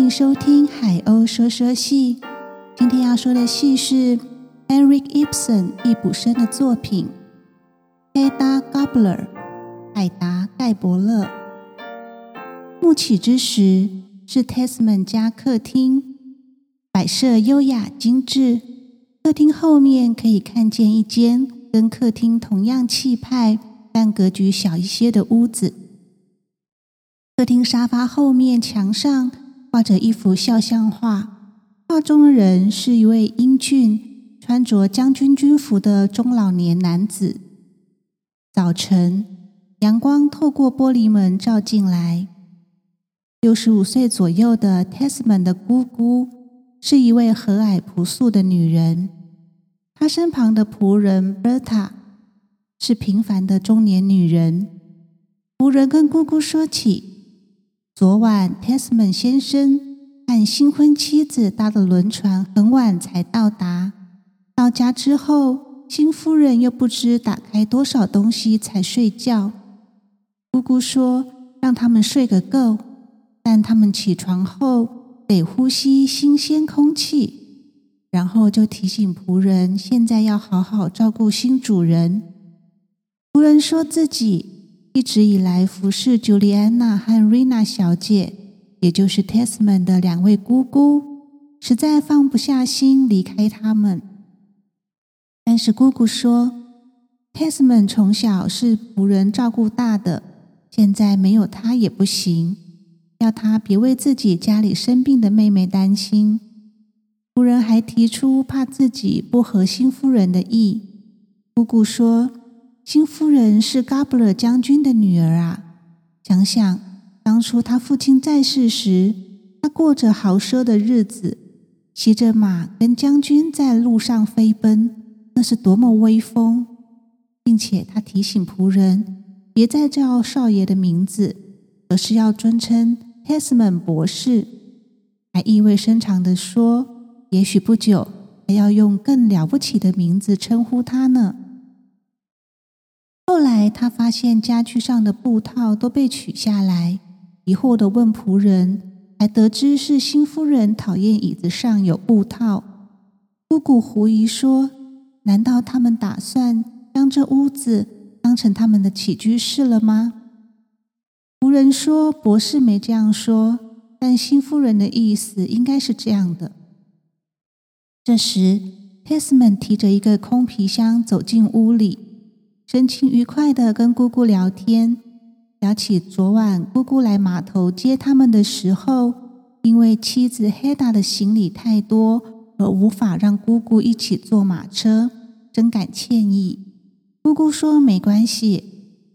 歡迎收聽《海鷗說說戲》。今天要說的戲是 Henrik Ibsen 易卜生的作品《海達・蓋柏樂》，幕起之時，是 Tesman 家客廳，擺設優雅精緻。客廳後面可以看見一間跟客廳同樣氣派，但格局小一些的屋子。客廳沙發後面牆上，掛著一幅肖像畫，畫中的人是一位英俊、穿着將軍軍服的中老年男子。早晨，陽光透過玻璃門照進來。六十五歲左右的 Tessman 的姑姑是一位和藹樸素的女人。她身旁的僕人 Bertha 是平凡的中年女人。僕人跟姑姑說起。昨晚，Tesman 先生和新婚妻子搭的輪船很晚才到達。到家之後，新夫人又不知打開多少東西才睡覺。姑姑說讓他們睡個夠，但他們起床後得呼吸新鮮空氣，然後就提醒僕人現在要好好照顧新主人。僕人說自己。一直以來服侍 Juliana 和 Rina 小姐，也就是 Tesman 的兩位姑姑，實在放不下心離開她們。但是姑姑說，Tesman 從小是僕人照顧大的，現在沒有她也不行，要她別為自己家裡生病的妹妹擔心。僕人還提出怕自己不合新夫人的意，姑姑說。金夫人是 Gabler 將軍的女兒啊！想想當初他父親在世時，他過着豪奢的日子，騎着馬跟將軍在路上飛奔，那是多麼威風！並且他提醒僕人，別再叫少爺的名字，而是要尊稱 Hesman 博士。還意味深長地說：“也許不久還要用更了不起的名字稱呼他呢。”後來，他發現家具上的布套都被取下來，疑惑的問僕人，才得知是新夫人討厭椅子上有布套。姑姑狐疑說：“難道他們打算將這屋子當成他們的起居室了嗎？”僕人說：“博士沒這樣說，但新夫人的意思應該是這樣的。”這時，Tesman 提着一個空皮箱走進屋裡。神情愉快地跟姑姑聊天，聊起昨晚姑姑來碼頭接他們的時候，因為妻子黑 i 的行李太多，而無法讓姑姑一起坐馬車，真感歉意。姑姑說沒關係，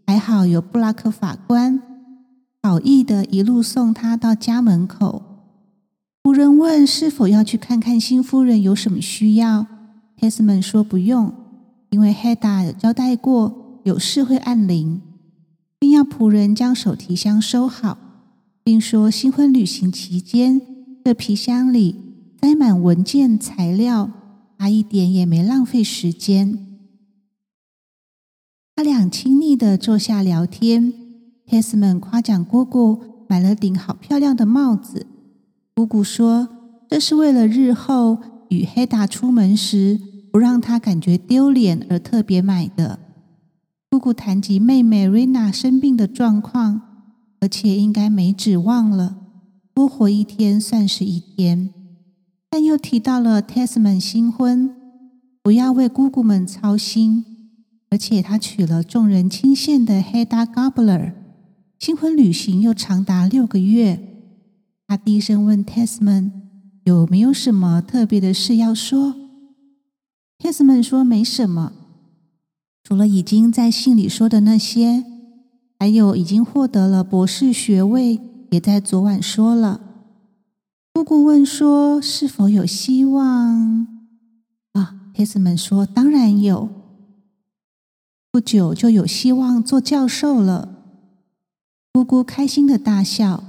還好有布拉克法官好意的一路送他到家門口。僕人問是否要去看看新夫人有什麼需要，黑斯們說不用。因為黑達有交代過，有事會按鈴，並要僕人將手提箱收好，並說新婚旅行期間，這皮箱裡塞滿文件材料，他一點也沒浪費時間。他倆親密的坐下聊天，黑斯曼誇獎姑姑買了頂好漂亮的帽子，姑姑說，這是為了日後與黑達出門時不讓他感覺丟臉而特別買的。姑姑談及妹妹瑞娜生病的狀況，而且應該沒指望了，多活一天算是一天。但又提到了 Tesman 新婚，不要為姑姑們操心，而且他娶了眾人欽羨的 Hedda Gabler。新婚旅行又長達六個月。他低聲問 Tesman 有沒有什麼特別的事要說？Tesman 說：“沒什麼，除了已經在信裡說的那些，還有已經獲得了博士學位，也在昨晚說了。”姑姑問說：“是否有希望？”啊，Tesman 說：“當然有，不久就有希望做教授了。”姑姑開心地大笑，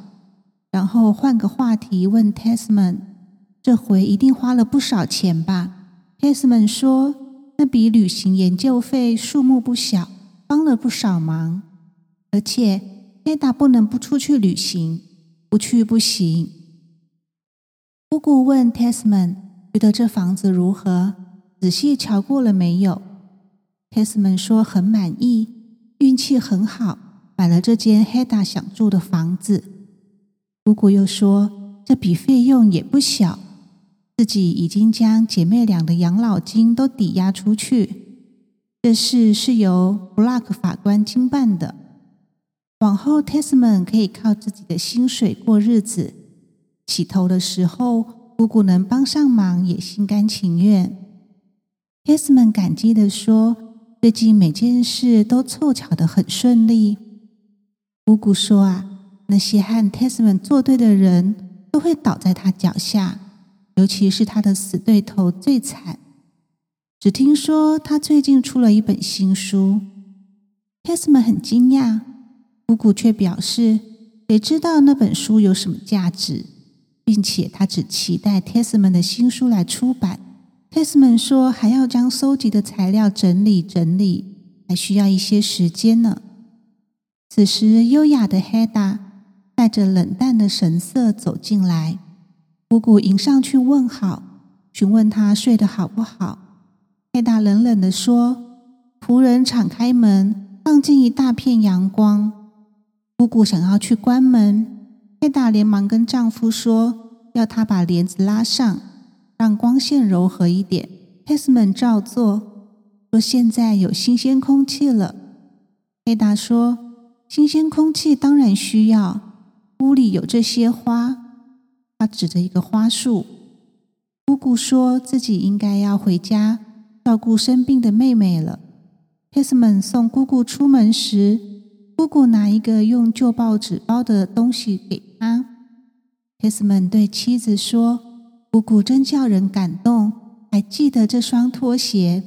然後換個話題問 Tesman：“ 這回一定花了不少錢吧？” Tesman 說：“那筆旅行研究費數目不小，幫了不少忙。而且黑達不能不出去旅行，不去不行。”姑姑問 Tesman 覺得這房子如何？仔細瞧過了沒有？Tesman 說：“很滿意，運氣很好，買了這間黑達想住的房子。”姑姑又說：“這筆費用也不小。”自己已經將姐妹倆的養老金都抵押出去，這事是由 Brack 法官經辦的。往後 Tesman 可以靠自己的薪水過日子。起頭的時候，姑姑能幫上忙，也心甘情願。Tesman 感激地說：“最近每件事都湊巧得很順利。”姑姑說：“啊，那些和 Tesman 作對的人都會倒在他腳下。”尤其是他的死對頭最慘。只聽說他最近出了一本新書，Tesman 很驚訝，姑姑卻表示：“誰知道那本書有什麼價值，並且他只期待 Tesman 的新書來出版。” Tesman 說：“還要將搜集的材料整理整理，還需要一些時間呢。”此時，優雅的 Hedda 帶着冷淡的神色走進來。姑姑迎上去問好，詢問她睡得好不好。海達冷冷地說：“僕人敞開門，放進一大片陽光。”姑姑想要去關門，海達連忙跟丈夫說：“要他把簾子拉上，讓光線柔和一點。”佩斯們照做，說：“現在有新鮮空氣了。”海達說：“新鮮空氣當然需要，屋裡有這些花。”指着一個花束，姑姑說自己應該要回家照顧生病的妹妹了。Tessman 送姑姑出門時，姑姑拿一個用舊報紙包的東西給他。Tessman 對妻子說：“姑姑真叫人感動，還記得這雙拖鞋。”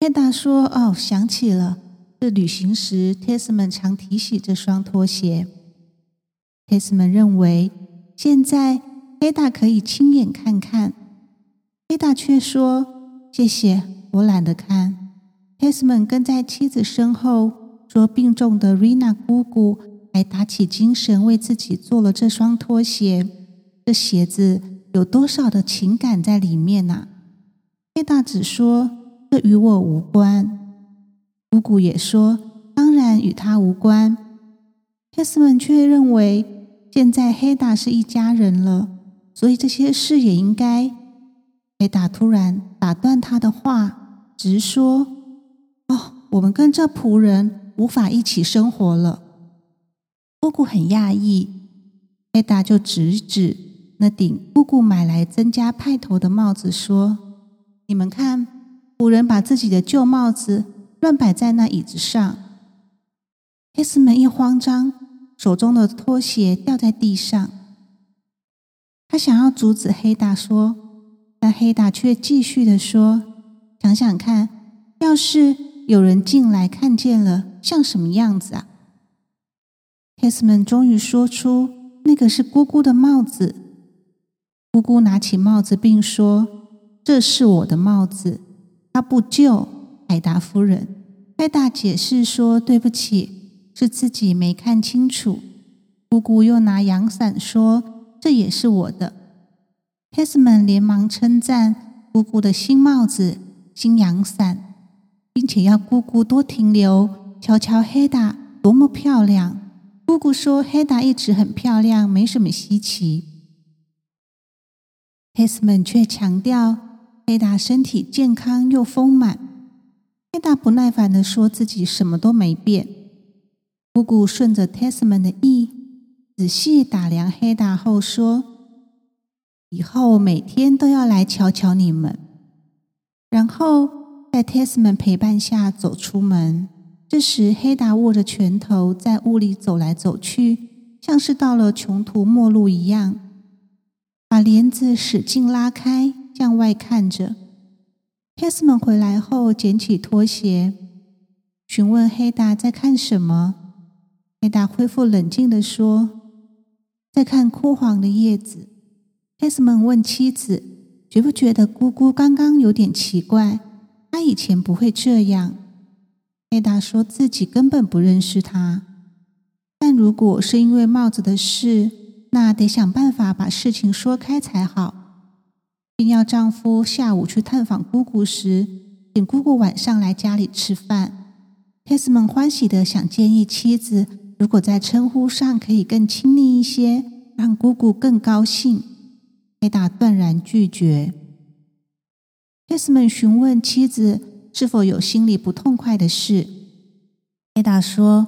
海達說：“哦，想起了，這旅行時 Tessman 常提起這雙拖鞋。” Tesman 認為，現在海達可以親眼看看，海達卻說：“謝謝，我懶得看。”Tesman 跟在妻子身後說：“病重的 Rina 姑姑還打起精神，為自己做了這雙拖鞋，這鞋子有多少的情感在裡面呢、啊？”海達只說：“這與我無關。”姑姑也說：“當然與他無關。”Tesman 卻認為。現在黑達是一家人了，所以這些事也應該。黑達突然打斷他的話，直說：“哦，我們跟這僕人無法一起生活了。”姑姑很訝異，黑達就指指那頂姑姑買來增加派頭的帽子，說：“你們看，僕人把自己的舊帽子亂擺在那椅子上。”黑斯們一慌張。手中的拖鞋掉在地上，他想要阻止海達說，但海達卻繼續的說：“想想看，要是有人進來看見了，像什麼樣子啊？” Kesman 終於說出：“那個是姑姑的帽子。”姑姑拿起帽子，並說：“這是我的帽子，它不舊，海達夫人。”海達解釋說：“對不起。”是自己沒看清楚。姑姑又拿陽傘說：“這也是我的。”黑斯曼連忙稱讚姑姑的新帽子、新陽傘，並且要姑姑多停留，瞧瞧黑達多麼漂亮。姑姑說：“黑達一直很漂亮，沒什麼稀奇。”黑斯曼卻強調：“黑達身體健康又豐滿。”黑達不耐煩地說自己什麼都沒變。姑姑順着 Tesman 的意，仔細打量黑達後說：“以後每天都要來瞧瞧你們。”然後在 Tesman 陪伴下走出門。這時，黑達握着拳頭在屋裡走來走去，像是到了窮途末路一樣，把簾子使勁拉開向外看着。Tesman 回來後撿起拖鞋，詢問黑達在看什麼。艾達恢復冷靜地說：“在看枯黃的葉子。”泰斯曼問妻子：“覺不覺得姑姑剛剛有點奇怪？她以前不會這樣。”艾達說自己根本不認識她，但如果是因為帽子的事，那得想辦法把事情說開才好，並要丈夫下午去探訪姑姑時，請姑姑晚上來家裡吃飯。泰斯曼歡喜地想建議妻子。如果在稱呼上可以更親密一些，讓姑姑更高興，黑達斷然拒絕。黑斯門詢問妻子是否有心裡不痛快的事，黑達說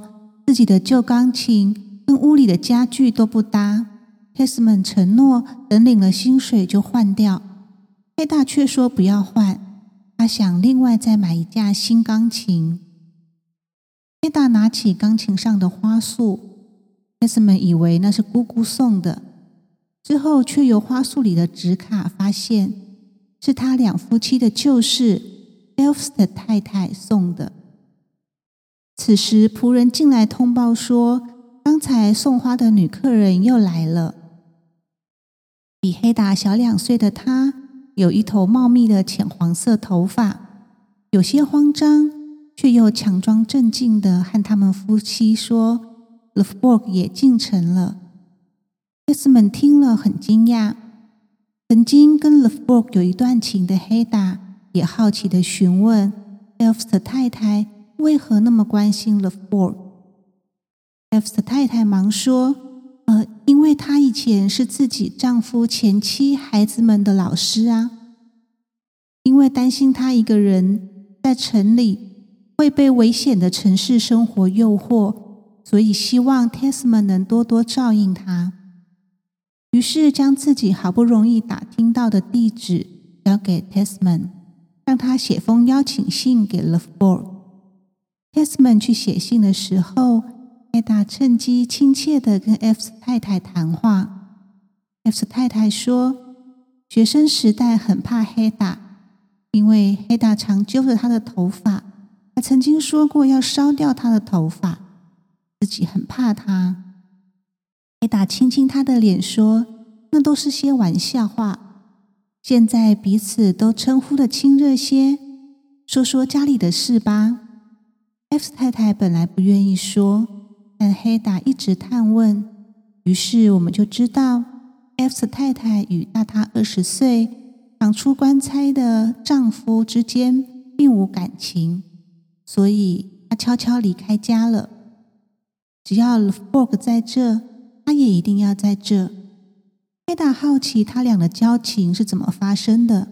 自己的舊鋼琴跟屋裡的家具都不搭。黑斯門承諾等領了薪水就換掉，黑達卻說不要換，他想另外再買一架新鋼琴。黑達拿起鋼琴上的花束，孩子們以為那是姑姑送的，之後卻由花束裡的紙卡發現，是他兩夫妻的舊事 Elvsted 太太送的。此時，僕人進來通報說，剛才送花的女客人又來了。比黑達小兩歲的她，有一頭茂密的淺黃色頭髮，有些慌張。卻又強裝鎮靜地和他們夫妻說，Løvborg 也進城了。Tesman 聽了很驚訝。曾經跟 Løvborg 有一段情的黑達也好奇地詢問，Elvsted 太太為何那麼關心 Løvborg。Elvsted 的太太忙說：“呃，因為她以前是自己丈夫前妻孩子們的老師啊，因為擔心她一個人在城裡。”會被危險的城市生活誘惑，所以希望 Tesman 能多多照應他。於是將自己好不容易打聽到的地址交給 Tesman，讓他寫封邀請信給 Løvborg。Tesman 去寫信的時候，黑達趁機親切的跟 F 太太談話。F 太太說，學生時代很怕黑達，因為黑達常揪着她的頭髮。曾經說過要燒掉她的頭髮，自己很怕她。黑達親親她的臉，說：“那都是些玩笑話。”現在彼此都稱呼得親熱些，說說家裡的事吧。F 太太本來不願意說，但黑達一直探問，於是我們就知道，F 太太與大她二十歲、長出棺材的丈夫之間並無感情。所以他悄悄離開家了。只要 Løvborg 在這，他也一定要在這。海達好奇他倆的交情是怎麼發生的。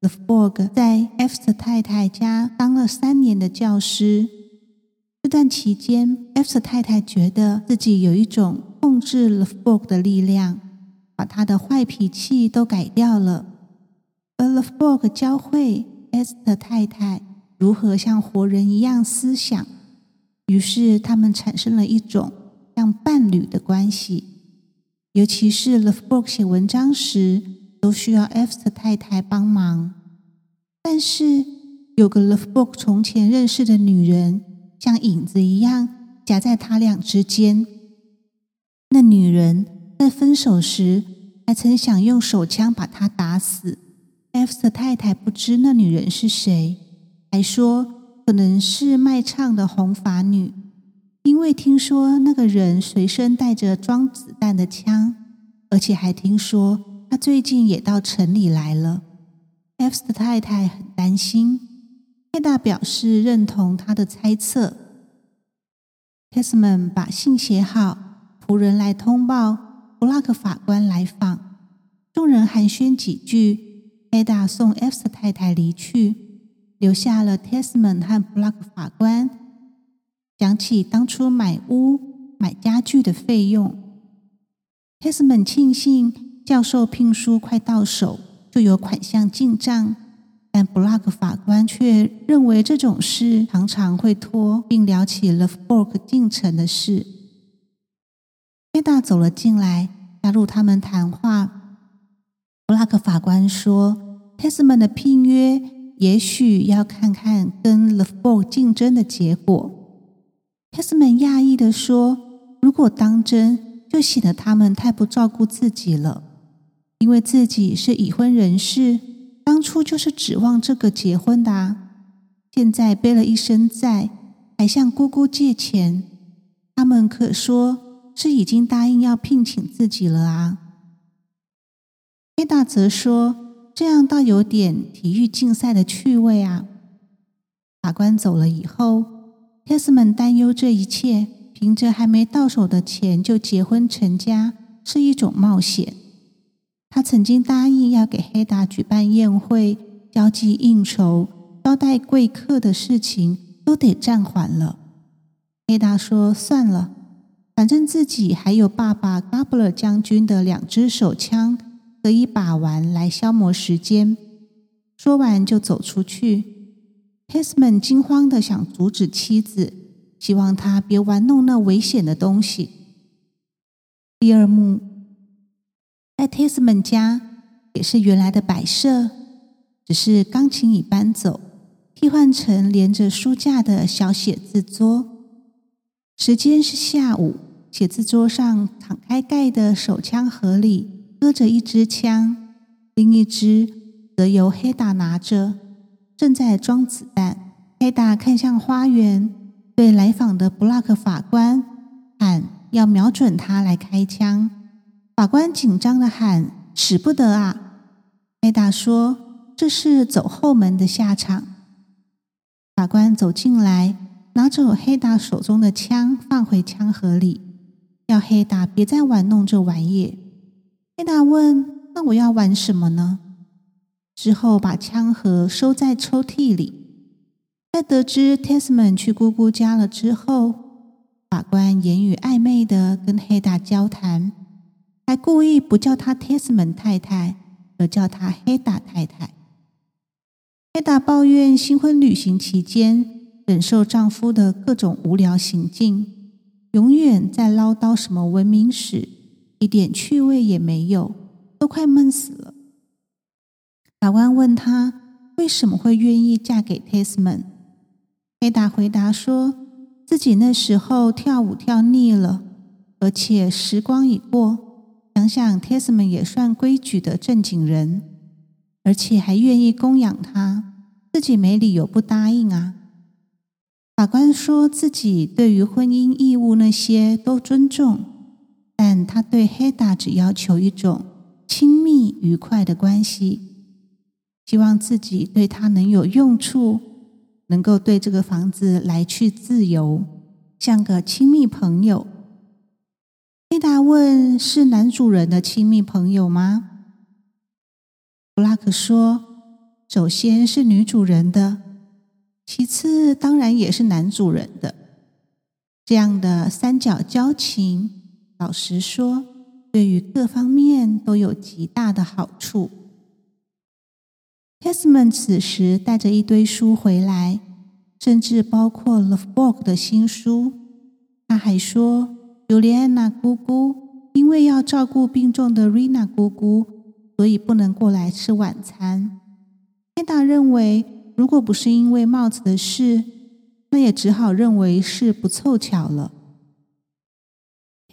Løvborg 在埃斯特太太家當了三年的教師。這段期間，埃斯太太覺得自己有一種控制 Løvborg 的力量，把他的壞脾氣都改掉了。而 Løvborg 教會埃斯特太太。如何像活人一樣思想？於是他們產生了一種像伴侶的關係。尤其是 Lovborg 寫文章時，都需要 Elvsted 太太幫忙。但是有個 Lovborg 從前認識的女人，像影子一樣夾在他倆之間。那女人在分手時，還曾想用手槍把他打死。Elvsted 太太不知那女人是誰。還說可能是賣唱的紅髮女，因為聽說那個人隨身帶着裝子彈的槍，而且還聽說他最近也到城裡來了。F 的太太很擔心，海達表示認同他的猜測。Tesman 把信寫好，僕人來通報，Brack 法官來訪，眾人寒暄幾句，海達送 F 的太太離去。留下了 Tesman 和 Block 法官，講起當初買屋、買家具的費用。Tesman 慶幸教授聘書快到手，就有款項進賬。但 Block 法官卻認為這種事常常會拖，並聊起了 Fork 進程的事。Hedda 走了進來，加入他們談話。Block 法官說：“ Tesman 的聘約。”也許要看看跟 Løvborg 競爭的結果。孩子們訝異的說：“如果當真，就顯得他們太不照顧自己了。因為自己是已婚人士，當初就是指望這個結婚的啊，現在背了一身債，還向姑姑借錢。他們可說是已經答應要聘請自己了啊。海達則說。這樣倒有點體育競賽的趣味啊！法官走了以後，泰斯曼擔憂這一切，憑着還沒到手的錢就結婚成家是一種冒險。他曾經答應要給黑達舉辦宴會、交際應酬、招待貴客的事情都得暫緩了。黑達說：“算了，反正自己還有爸爸蓋柏樂將軍的兩支手槍。”可以把玩來消磨時間。說完就走出去。Tesman 驚慌的想阻止妻子，希望她別玩弄那危險的東西。第二幕，在 Tesman 家也是原來的擺設，只是鋼琴已搬走，替換成連着書架的小寫字桌。時間是下午。寫字桌上敞開蓋的手槍盒裡，擱着一支槍，另一支則由黑達拿着，正在裝子彈。黑達看向花園，對來訪的布拉克法官喊：“要瞄準他來開槍。”法官緊張地喊：“使不得啊！”黑達說：“這是走後門的下場。”法官走進來，拿走黑達手中的槍，放回槍盒裡，要黑達別再玩弄這玩意。海達問：“那我要玩什麼呢？”之後把槍盒收在抽屜裡。在得知 Tesman 去姑姑家了之後，法官言語曖昧地跟海達交談，還故意不叫她 Tesman 太太，而叫她海達太太。海達抱怨新婚旅行期間忍受丈夫的各種無聊行徑，永遠在嘮叨什麼文明史。一點趣味也沒有，都快悶死了。法官問他為什麼會願意嫁給 Tesman？海達回答說自己那時候跳舞跳膩了，而且時光已過，想想 Tesman 也算規矩的正經人，而且還願意供養他，自己沒理由不答應啊。法官說自己對於婚姻義務那些都尊重。但他對黑達只要求一種親密愉快的關係，希望自己對他能有用處，能夠對這個房子來去自由，像個親密朋友。黑達問：“是男主人的親密朋友嗎？”布拉克說：“首先是女主人的，其次當然也是男主人的。”這樣的三角交情。老實說，對於各方面都有極大的好處。Kesman 此時帶着一堆書回來，甚至包括 Løvborg 的新書。他還說，尤利安娜姑姑因為要照顧病重的 Rina 姑姑，所以不能過來吃晚餐。海達認為，如果不是因為帽子的事，那也只好認為是不湊巧了。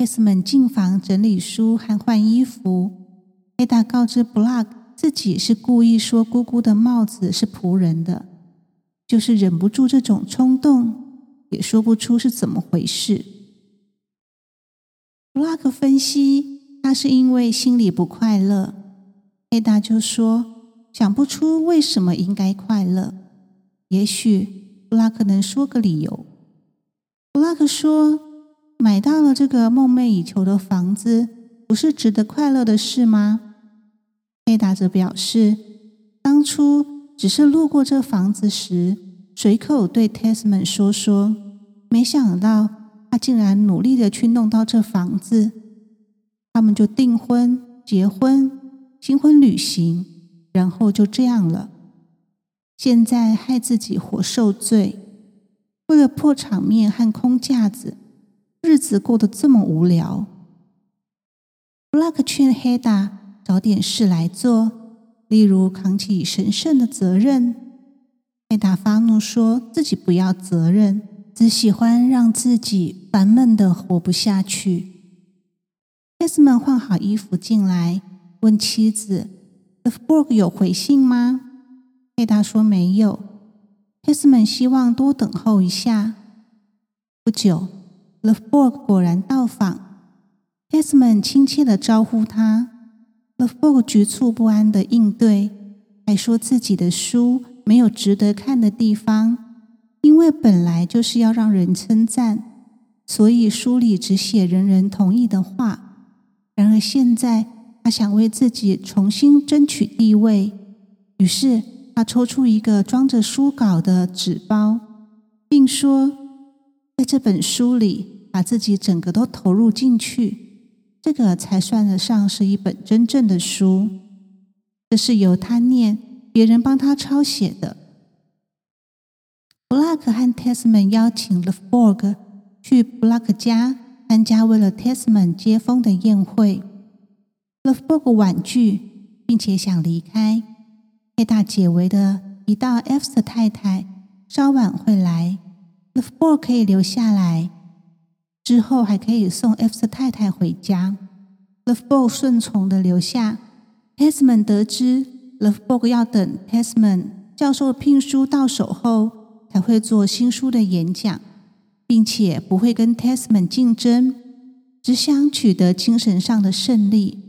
k 斯· s 進房整理書和換衣服。艾達告知 b l o，自己是故意說姑姑的帽子是僕人的，就是忍不住這種衝動，也說不出是怎麼回事。b l o 分析他是因為心裡不快樂。艾達就說想不出為什麼應該快樂，也許布拉克能說個理由。布拉克說。買到了這個夢寐以求的房子，不是值得快樂的事嗎？海達則表示，當初只是路過這房子時，隨口對 Tesman 說說，沒想到他竟然努力的去弄到這房子。他們就訂婚、結婚、新婚旅行，然後就這樣了。現在害自己活受罪，為了破場面和空架子。日子過得這麼無聊，布拉克勸黑達找點事來做，例如扛起神聖的責任。黑達發怒，說自己不要責任，只喜歡讓自己煩悶地活不下去。黑斯曼換好衣服進來，問妻子：“Theborg 有回信嗎？”黑達說沒有。黑斯曼希望多等候一下。不久。Løvborg 果然到訪，Tesman 親切的招呼他。Løvborg 局促不安的應對，還說自己的書沒有值得看的地方，因為本來就是要讓人稱讚，所以書裡只寫人人同意的話。然而現在他想為自己重新爭取地位，於是他抽出一個裝着書稿的紙包，並說。在這本書裡，把自己整個都投入進去，這個才算得上是一本真正的書。這是由他念，別人幫他抄寫的。Brack 和 Tesman 邀請 Lovborg 去 Brack 家參加為了 Tesman 接風的宴會，Lovborg 婉拒，並且想離開。海達解圍的一道 f 的 s 太太稍晚會來。Lovborg 可以留下來，之後還可以送艾斯太太回家。Lovborg 順從地留下。Tessman 得知 Lovborg 要等 Tessman 教授聘書到手後才會做新書的演講，並且不會跟 Tessman 競爭，只想取得精神上的勝利。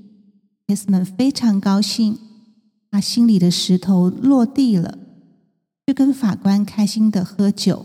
Tessman 非常高興，他心裡的石頭落地了，就跟法官開心地喝酒。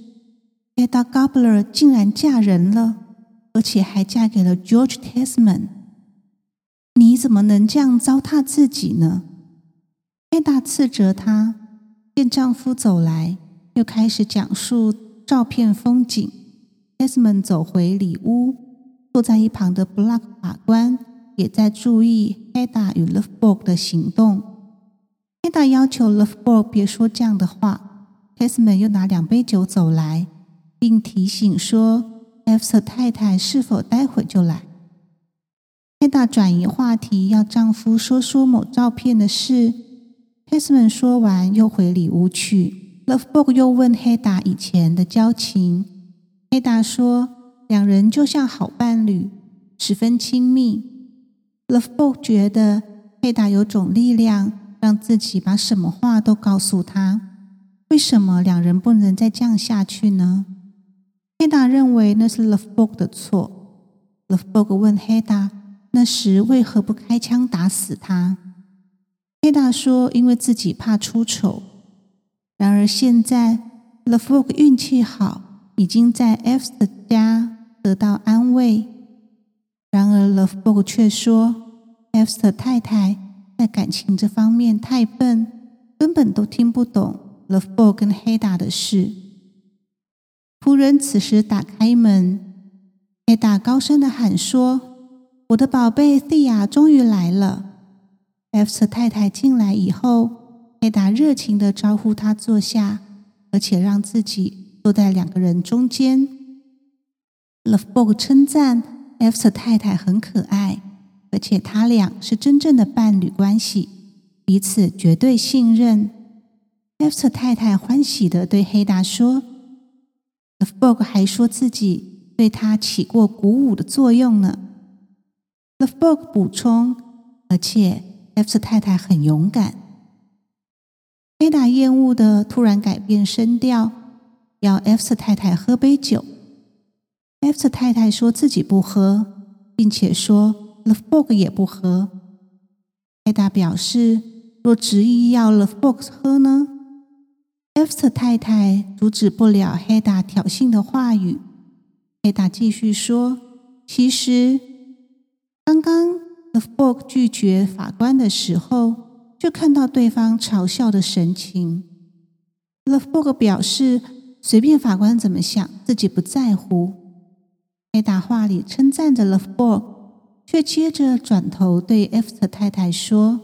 艾達 Gabler 竟然嫁人了，而且還嫁給了 George Tesman。你怎麼能這樣糟蹋自己呢？艾達斥責他。見丈夫走來，又開始講述照片風景。Tesman 走回裡屋，坐在一旁的 Black 法官也在注意艾達與 Loveborg 的行動。艾達要求 Loveborg 別說這樣的話。Tesman 又拿兩杯酒走來。並提醒說：“埃斯特太太是否待會兒就來？”黑達轉移話題，要丈夫說說某照片的事。黑斯曼說完，又回裡屋去。Lovebook 又問黑達以前的交情。黑達說：“兩人就像好伴侶，十分親密。” Lovebook 覺得黑達有種力量，讓自己把什麼話都告訴他。為什麼兩人不能再這樣下去呢？海達認為那是 Lovborg 的錯。Lovborg 問海達，那時為何不開槍打死他？海達說，因為自己怕出醜。然而現在 Lovborg 運氣好，已經在 Efst 的家得到安慰。然而 Lovborg 却說，Efst 太太在感情這方面太笨，根本都聽不懂 Lovborg 跟海達的事。僕人此時打開門，黑達高聲的喊說：“我的寶貝蒂亞終於來了。”艾弗特太太進來以後，黑達熱情的招呼他坐下，而且讓自己坐在兩個人中間。勒夫伯克稱讚艾弗特太太很可愛，而且他倆是真正的伴侶關係，彼此絕對信任。艾弗特太太歡喜的對黑達說。Lefbor 還說自己對他起過鼓舞的作用呢。Lefbor 補充，而且艾斯太太很勇敢。海達厭惡的突然改變聲調，要艾斯太太喝杯酒。艾斯太太說自己不喝，並且說 Lefbor 也不喝。海達表示，若執意要 Lefbor 喝呢？F 斯特太太阻止不了黑達挑釁的話語。黑達繼續說：“其實，剛剛勒夫伯克拒絕法官的時候，就看到對方嘲笑的神情。勒夫伯克表示，隨便法官怎麼想，自己不在乎。”黑達話裡稱讚着勒夫伯克，卻接着轉頭對 F 斯特太太說：“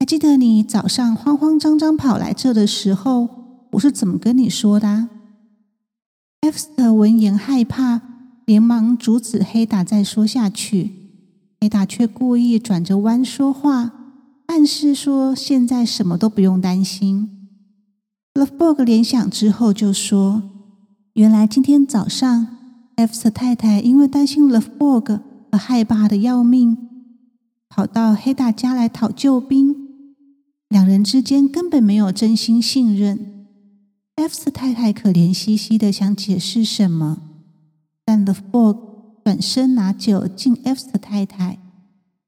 還記得你早上慌慌張張跑來這的時候？”我是怎麼跟你說的？艾斯特聞言害怕，連忙阻止黑達再說下去。黑達卻故意轉着彎說話，暗示說現在什麼都不用擔心。洛夫伯格聯想之後就說：“原來今天早上，艾斯特太太因為擔心洛夫伯格而害怕的要命，跑到黑達家來討救兵。兩人之間根本沒有真心信任。”艾斯太太可憐兮兮的想解釋什麼，但 The Fog 轉身拿酒敬艾斯太太，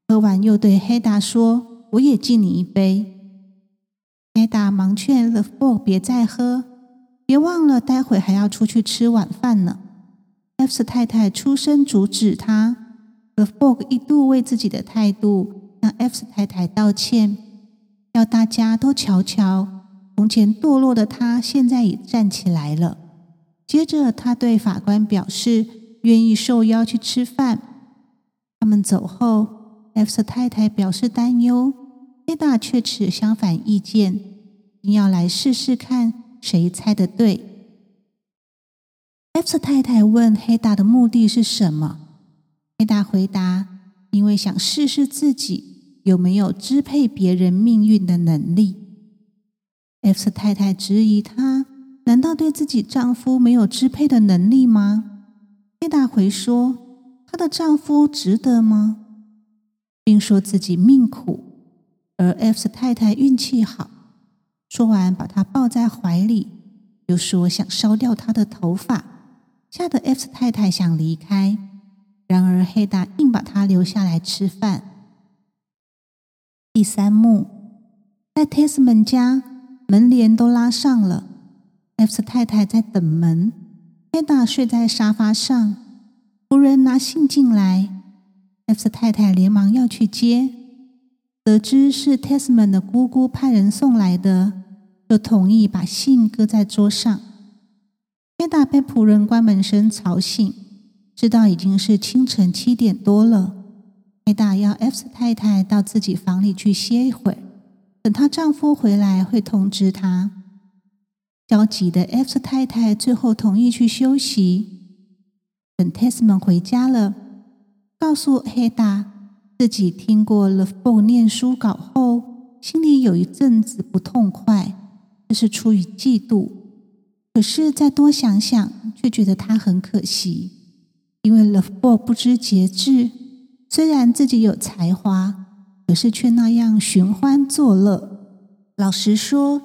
喝完又對海達說：“我也敬你一杯。”海達忙勸 The Fog 別再喝，別忘了待會還要出去吃晚飯呢。艾斯太太出聲阻止他，The Fog 一度為自己的態度向艾斯太太道歉，要大家都瞧瞧。從前墮落的他，現在也站起來了。接着，他對法官表示願意受邀去吃飯。他們走後，艾斯太太表示擔憂，黑大卻持相反意見。你要來試試看誰猜的對？艾斯太太問黑大的目的是什麼？黑大回答：“因為想試試自己有沒有支配別人命運的能力。” F 太太質疑她：“難道對自己丈夫沒有支配的能力嗎？”海達回說：“她的丈夫值得嗎？”並說自己命苦，而 F 太太運氣好。說完，把她抱在懷裡，又說想燒掉她的頭髮，嚇得 F 太太想離開。然而，海達硬把她留下來吃飯。第三幕在 Tesman 家。門簾都拉上了，F 太太在等門。海達睡在沙發上，僕人拿信進來，F 太太連忙要去接，得知是 Tesman 的姑姑派人送來的，就同意把信擱在桌上。海達被僕人關門聲吵醒，知道已經是清晨七點多了。海達要 F 太太到自己房裡去歇一會。等她丈夫回來會通知她。焦急的 F 太太最後同意去休息。等 Tesman 回家了，告訴 Hedda 自己聽過 Lovborg 念書稿後，心裡有一陣子不痛快，這、就是出於嫉妒。可是再多想想，却覺得他很可惜，因為 Lovborg 不知節制，雖然自己有才華。可是卻那樣尋歡作樂。老實說，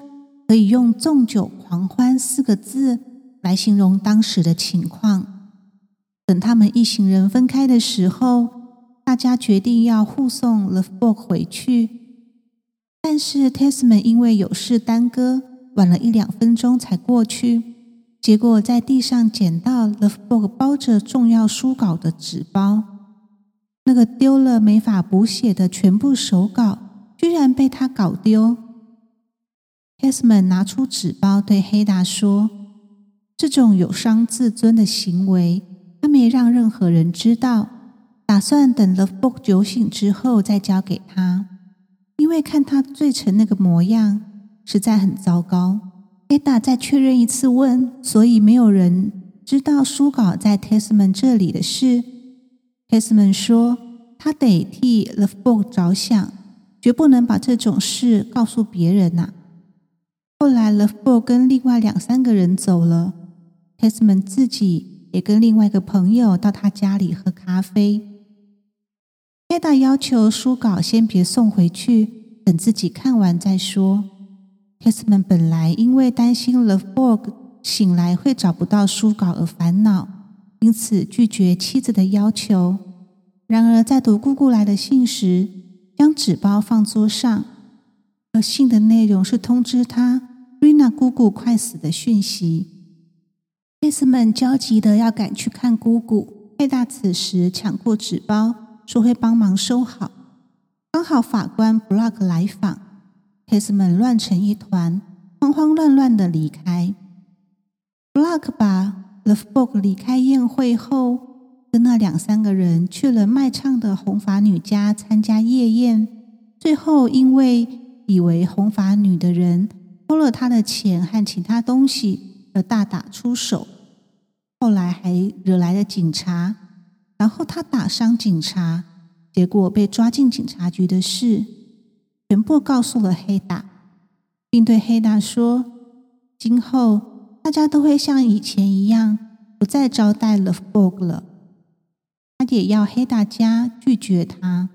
可以用“縱酒狂歡”四個字來形容當時的情況。等他們一行人分開的時候，大家決定要護送 Løvborg 回去。但是 Tesman 因為有事耽擱，晚了一兩分鐘才過去，結果在地上撿到 Løvborg 包着重要書稿的紙包。那個丟了沒法補寫的全部手稿，居然被他搞丟。Tesman 拿出紙包對黑達說：“這種有傷自尊的行為，他沒讓任何人知道，打算等 The Book 酒醒之後再交給他，因為看他醉成那個模樣，實在很糟糕。”黑達再確認一次問：“所以沒有人知道書稿在 Tesman 這裡的事？” Kesman 說：“他得替 Lovebook 着想，絕不能把這種事告訴別人吶、啊。”後來 Lovebook 跟另外兩三個人走了，Kesman 自己也跟另外一個朋友到他家裡喝咖啡。Ada 要求書稿先別送回去，等自己看完再說。Kesman 本來因為擔心 Lovebook 醒來會找不到書稿而煩惱。因此拒絕妻子的要求。然而，在讀姑姑來的信時，將紙包放桌上，而信的內容是通知他瑞娜姑姑快死的訊息。Hesman 焦急的要趕去看姑姑。海達此時搶過紙包，說會幫忙收好。剛好法官 Block 來訪，Hesman 亂成一團，慌慌亂亂的離開。Block 把。勒夫克離開宴會後，跟那兩三個人去了賣唱的紅髮女家參加夜宴，最後因為以為紅髮女的人偷了她的錢和其他東西而大打出手，後來還惹來了警察，然後他打傷警察，結果被抓進警察局的事，全部告訴了海達，並對海達說：“今後。”大家都會像以前一樣，不再招待 Løvborg 了。他也要黑大家拒絕他，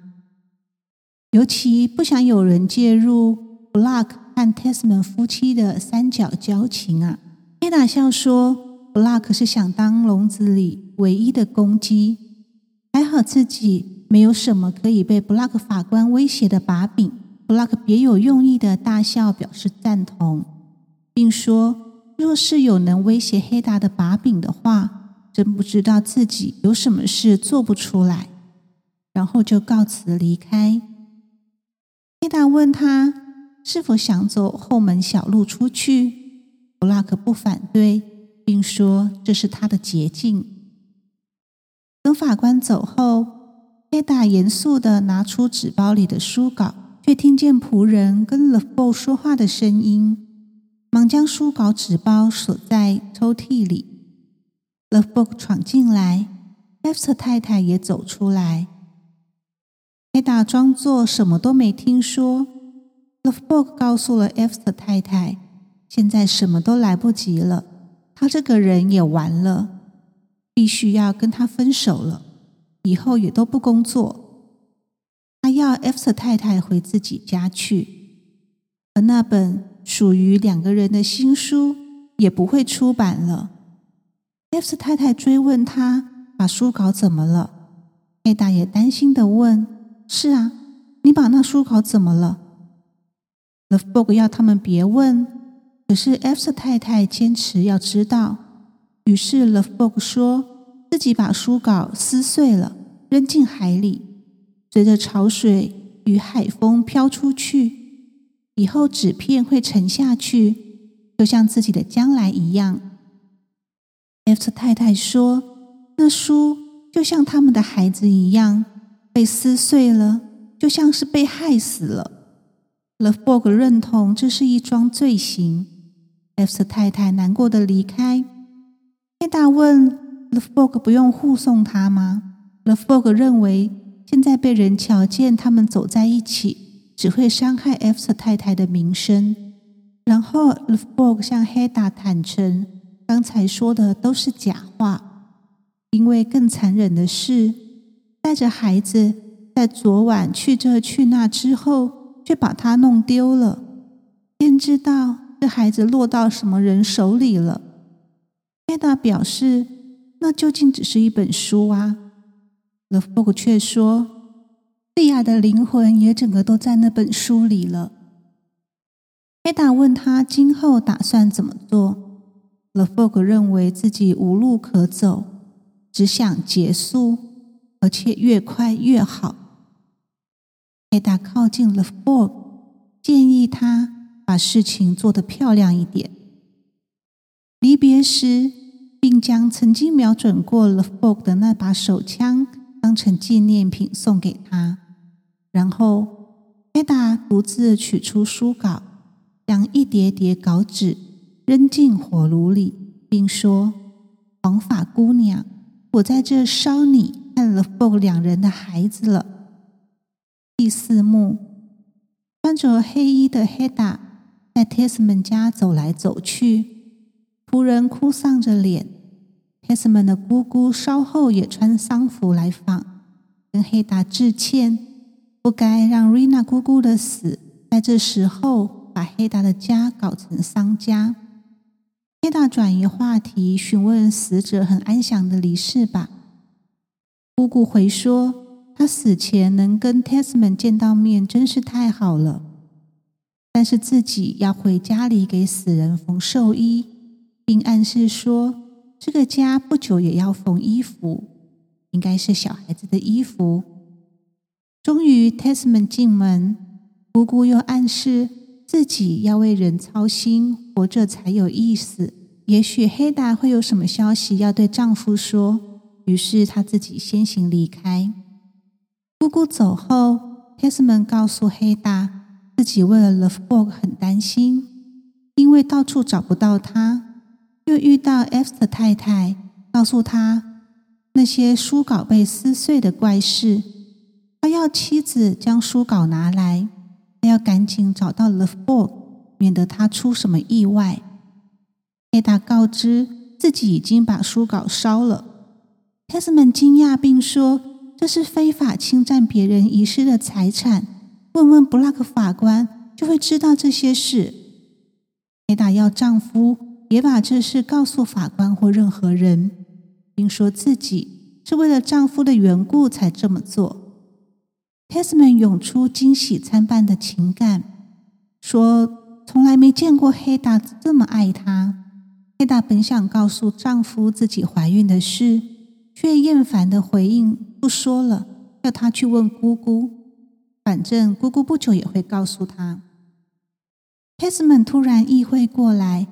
尤其不想有人介入 Block 和 Tesman 夫妻的三角交情啊。黑大笑說：“Block 是想當籠子裡唯一的公雞，還好自己沒有什麼可以被 Block 法官威脅的把柄。”Block 別有用意的大笑表示贊同，並說。若是有能威脅黑達的把柄的話，真不知道自己有什麼事做不出來，然後就告辭離開。黑達問他是否想走後門小路出去，布拉克不反對，並說這是他的捷徑。等法官走後，黑達嚴肅地拿出紙包裡的書稿，卻聽見僕人跟勒布說話的聲音。忙將書稿紙包鎖在抽屜裡。Løvborg 闖進來，艾斯特太太也走出來。艾達裝作什麼都沒聽說。Løvborg 告訴了艾斯特太太，現在什麼都來不及了，他這個人也完了，必須要跟他分手了，以後也都不工作。他要艾斯特太太回自己家去，而那本。屬於兩個人的新書也不會出版了。F 太太追問他把書稿怎麼了，海達擔心的問：“是啊，你把那書稿怎麼了？”Levborg 要他們別問，可是 F 太太堅持要知道，於是 Levborg 說自己把書稿撕碎了，扔進海裡，隨着潮水與海風飄出去。以後紙片會沉下去，就像自己的將來一樣。艾斯太太說：“那書就像他們的孩子一樣，被撕碎了，就像是被害死了。”勒福格認同這是一樁罪行。艾斯太太難過地離開。海達問勒福格：“勒福格，不用護送他嗎？”勒福格認為現在被人瞧見他們走在一起，只會傷害 F 太太的名聲。然後 Levborg 向 Hedda 坦誠，剛才說的都是假話，因為更殘忍的是，帶着孩子在昨晚去這去那之後，卻把它弄丟了。天知道這孩子落到什麼人手裡了。Hedda 表示，那究竟只是一本書啊。Levborg 卻說。貝亞的靈魂也整個都在那本書裡了。艾達問他今後打算怎麼做。勒福克認為自己無路可走，只想結束，而且越快越好。艾達靠近勒福克，建議他把事情做得漂亮一點。離別時，並將曾經瞄準過勒福克的那把手槍當成紀念品送給他。然後，海達獨自取出書稿，將一疊疊稿紙扔進火爐裡，並說：“黃髮姑娘，我在這燒你和勒夫兩人的孩子了。”第四幕，穿着黑衣的海達在泰斯曼家走來走去，僕人哭喪着臉。泰斯曼的姑姑稍後也穿喪服來訪，跟海達致歉。不該讓瑞娜姑姑的死在這時候把黑達的家搞成喪家。黑達轉移話題，詢問死者很安詳的離世吧？姑姑回說，她死前能跟 Tesman 見到面，真是太好了。但是自己要回家裡給死人縫壽衣，並暗示說，這個家不久也要縫衣服，應該是小孩子的衣服。終於，Tesman 進門。姑姑又暗示自己要為人操心，活着才有意思。也許海達會有什麼消息要對丈夫說，於是她自己先行離開。姑姑走後，Tesman 告訴海達，自己為了 Lövborg 很擔心，因為到處找不到他，又遇到 Elvsted 的太太，告訴他那些書稿被撕碎的怪事。他要妻子將書稿拿來，他要趕緊找到了 the book，免得他出什麼意外。海達告知自己已經把書稿燒了。泰斯曼驚訝，並說這是非法侵占別人遺失的財產。問問布拉克法官，就會知道這些事。海達要丈夫別把這事告訴法官或任何人，並說自己是為了丈夫的緣故才這麼做。佩斯曼湧出驚喜參半的情感，說：“從來沒見過海達這麼愛她。”海達本想告訴丈夫自己懷孕的事，卻厭煩的回應：“不說了，叫他去問姑姑，反正姑姑不久也會告訴他。”佩斯曼突然意會過來，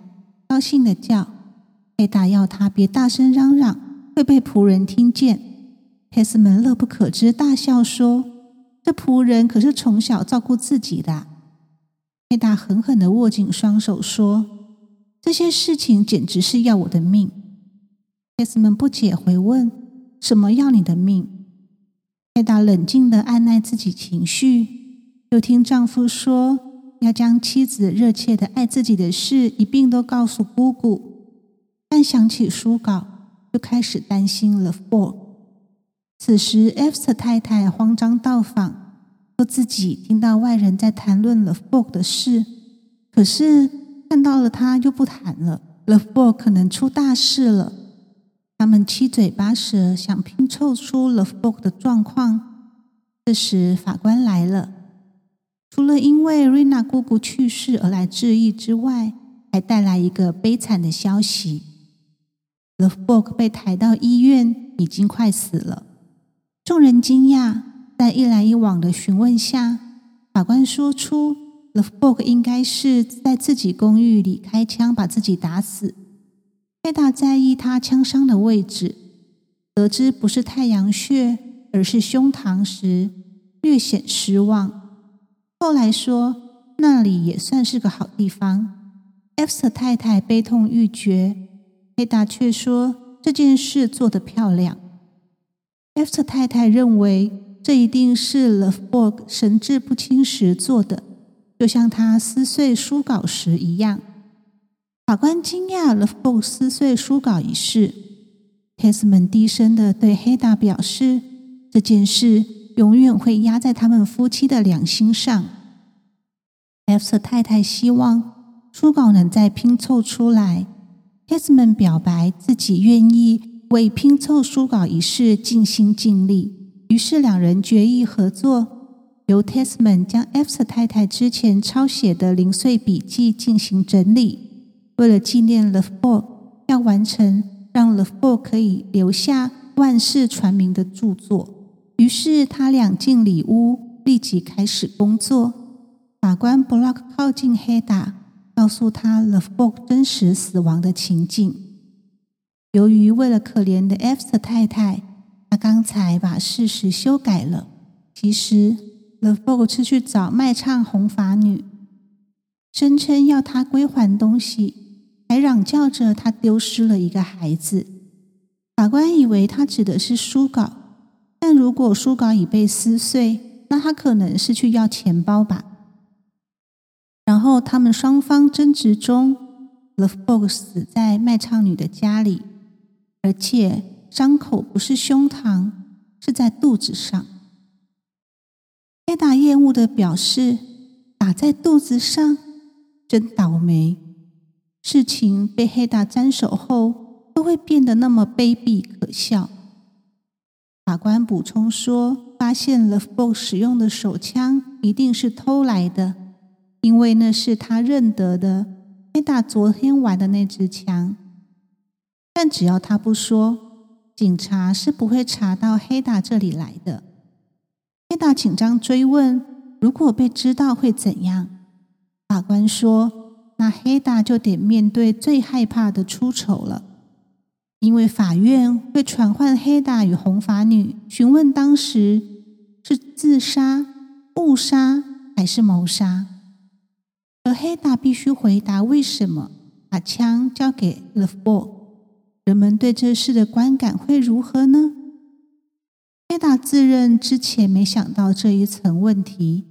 高興的叫：“海達要他別大聲嚷嚷，會被僕人聽見。”佩斯曼樂不可支，大笑說。這僕人可是從小照顧自己的。海達狠狠的握緊雙手，說：“這些事情簡直是要我的命。”孩子們不解，回問：“什麼要你的命？”海達冷靜的按捺自己情緒，又聽丈夫說要將妻子熱切的愛自己的事一併都告訴姑姑，但想起書稿，就開始擔心了。f o r r 此時，艾斯特太太慌張到訪，說自己聽到外人在談論 Lovebook 的事，可是看到了他就不談了。Lovebook 可能出大事了。他們七嘴八舌，想拼湊出 Lovebook 的狀況。這時，法官來了，除了因為瑞娜姑姑去世而來致意之外，還帶來一個悲慘的消息，Lovebook 被抬到醫院，已經快死了。眾人驚訝，在一來一往的詢問下，法官說出 Løvborg 應該是在自己公寓裡開槍把自己打死。海達在意他槍傷的位置，得知不是太陽穴，而是胸膛時，略顯失望。後來說那裡也算是個好地方。艾斯太太悲痛欲絕，海達卻說這件事做得漂亮。艾斯太太認為，這一定是 Lovebook 神志不清時做的，就像他撕碎書稿時一樣。法官驚訝 Lovebook 撕碎書稿一事，泰斯曼低聲地對海達表示，這件事永遠會壓在他們夫妻的良心上。埃斯太太希望書稿能再拼湊出來。泰斯曼表白自己願意。為拼湊書稿一事盡心盡力，於是兩人決議合作，由 Tesman 將 F 先太太之前抄寫的零碎筆記進行整理。為了紀念 Løvborg，要完成讓 Løvborg 可以留下萬世傳名的著作，於是他倆進裡屋，立即開始工作。法官 Block 靠近 Hedda，告訴他 Løvborg 真實死亡的情境。由於為了可憐的艾斯特太太，他剛才把事實修改了。其實，The Fox 是去找賣唱紅髮女，聲稱要她歸還東西，還嚷叫着她丟失了一個孩子。法官以為他指的是書稿，但如果書稿已被撕碎，那他可能是去要錢包吧。然後他們雙方爭執中，The Fox 死在賣唱女的家裡。而且，傷口不是胸膛，是在肚子上。海達厭惡地表示：“打在肚子上，真倒霉！事情被海達沾手後，都會變得那麼卑鄙可笑。”法官補充說：“發現 Love Book 使用的手槍一定是偷來的，因為那是他認得的海達昨天玩的那支槍。”但只要他不說，警察是不會查到海達這裡來的。海達緊張追問：“如果被知道會怎樣？”法官說：“那海達就得面對最害怕的出醜了，因為法院會傳喚海達與紅髮女，詢問當時是自殺、誤殺還是謀殺，而海達必須回答為什麼把槍交給勒夫伯。”人們對這事的觀感會如何呢？海達自認之前沒想到這一層問題。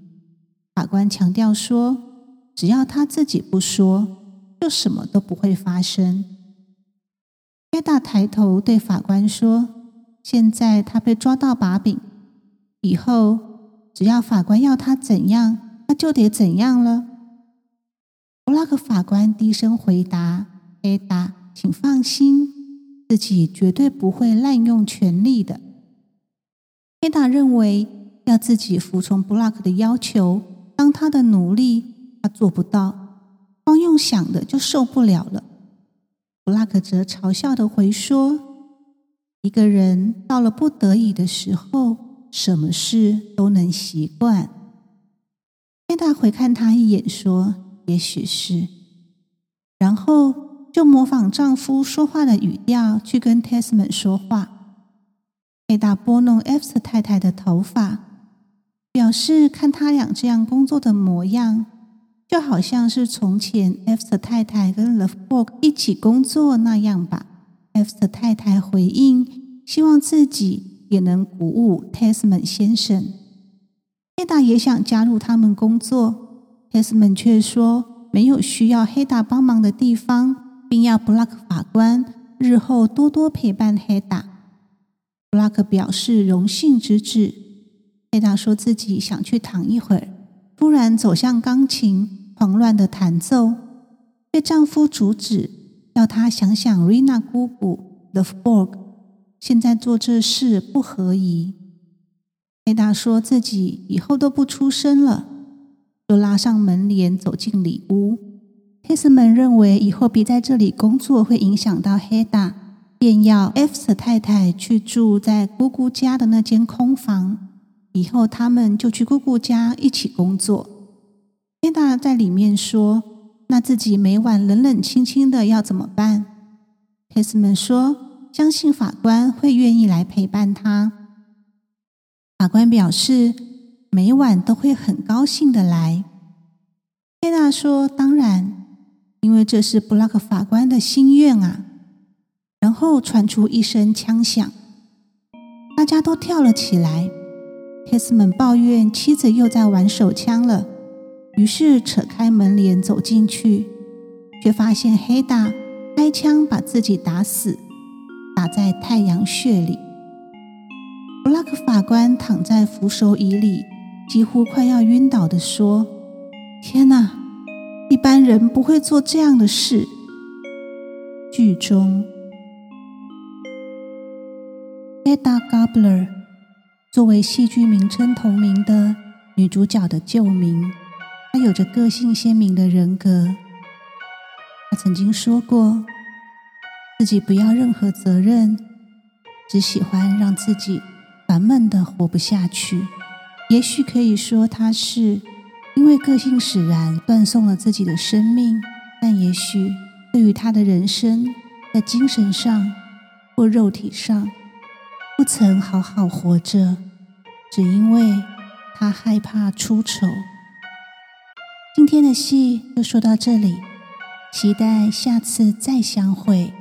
法官強調說：“只要他自己不說，就什麼都不會發生。”海達抬頭對法官說：“現在他被抓到把柄，以後只要法官要他怎樣，他就得怎樣了。”布拉克法官低聲回答：“海達，請放心。”自己絕對不會濫用權力的。海達認為要自己服從，布拉克的要求，當他的奴隸，他做不到，光用想的就受不了了。布拉克則嘲笑地回說：“一個人到了不得已的時候，什麼事都能習慣。”海達回看他一眼說：“也許是。”然後。就模仿丈夫說話的語調去跟 Tesman 說話。黑達撥弄 Elvsted 太太的頭髮，表示看他倆這樣工作的模樣，就好像是從前 Elvsted 太太跟 Lovborg 一起工作那樣吧。Elvsted 太太回應，希望自己也能鼓舞 Tesman 先生。黑達也想加入他們工作，Tesman 卻說沒有需要黑達幫忙的地方。並要布拉克法官日後多多陪伴海達，布拉克表示榮幸之至。海達說自己想去躺一會兒，突然走向鋼琴，狂亂地彈奏，被丈夫阻止，要她想想瑞娜姑姑的夫博格，現在做這事不合宜。海達說自己以後都不出聲了，又拉上門簾走進裡屋。黑斯門認為以後別在這裡工作會影響到海達，便要 F 先太太去住在姑姑家的那間空房。以後他們就去姑姑家一起工作。海達在裡面說：“那自己每晚冷冷清清的要怎麼辦？”黑斯門說：“相信法官會願意來陪伴他。”法官表示每晚都會很高興的來。海達說：“當然。”因為這是布拉克法官的心願啊！然後傳出一聲槍響，大家都跳了起來。泰斯曼抱怨妻子又在玩手槍了，於是扯開門簾走進去，卻發現海達開槍把自己打死，打在太陽穴裡。布拉克法官躺在扶手椅裡，幾乎快要暈倒地說：“天哪！”一般人不會做這樣的事。劇中，Hedda Gabler 作為戲劇名稱同名的女主角的舊名，她有着個性鮮明的人格。她曾經說過，自己不要任何責任，只喜歡讓自己煩悶地活不下去。也許可以說她是。因為個性使然，斷送了自己的生命。但也許對於他的人生，在精神上或肉體上，不曾好好活着，只因為他害怕出醜。今天的戲就說到這裡，期待下次再相會。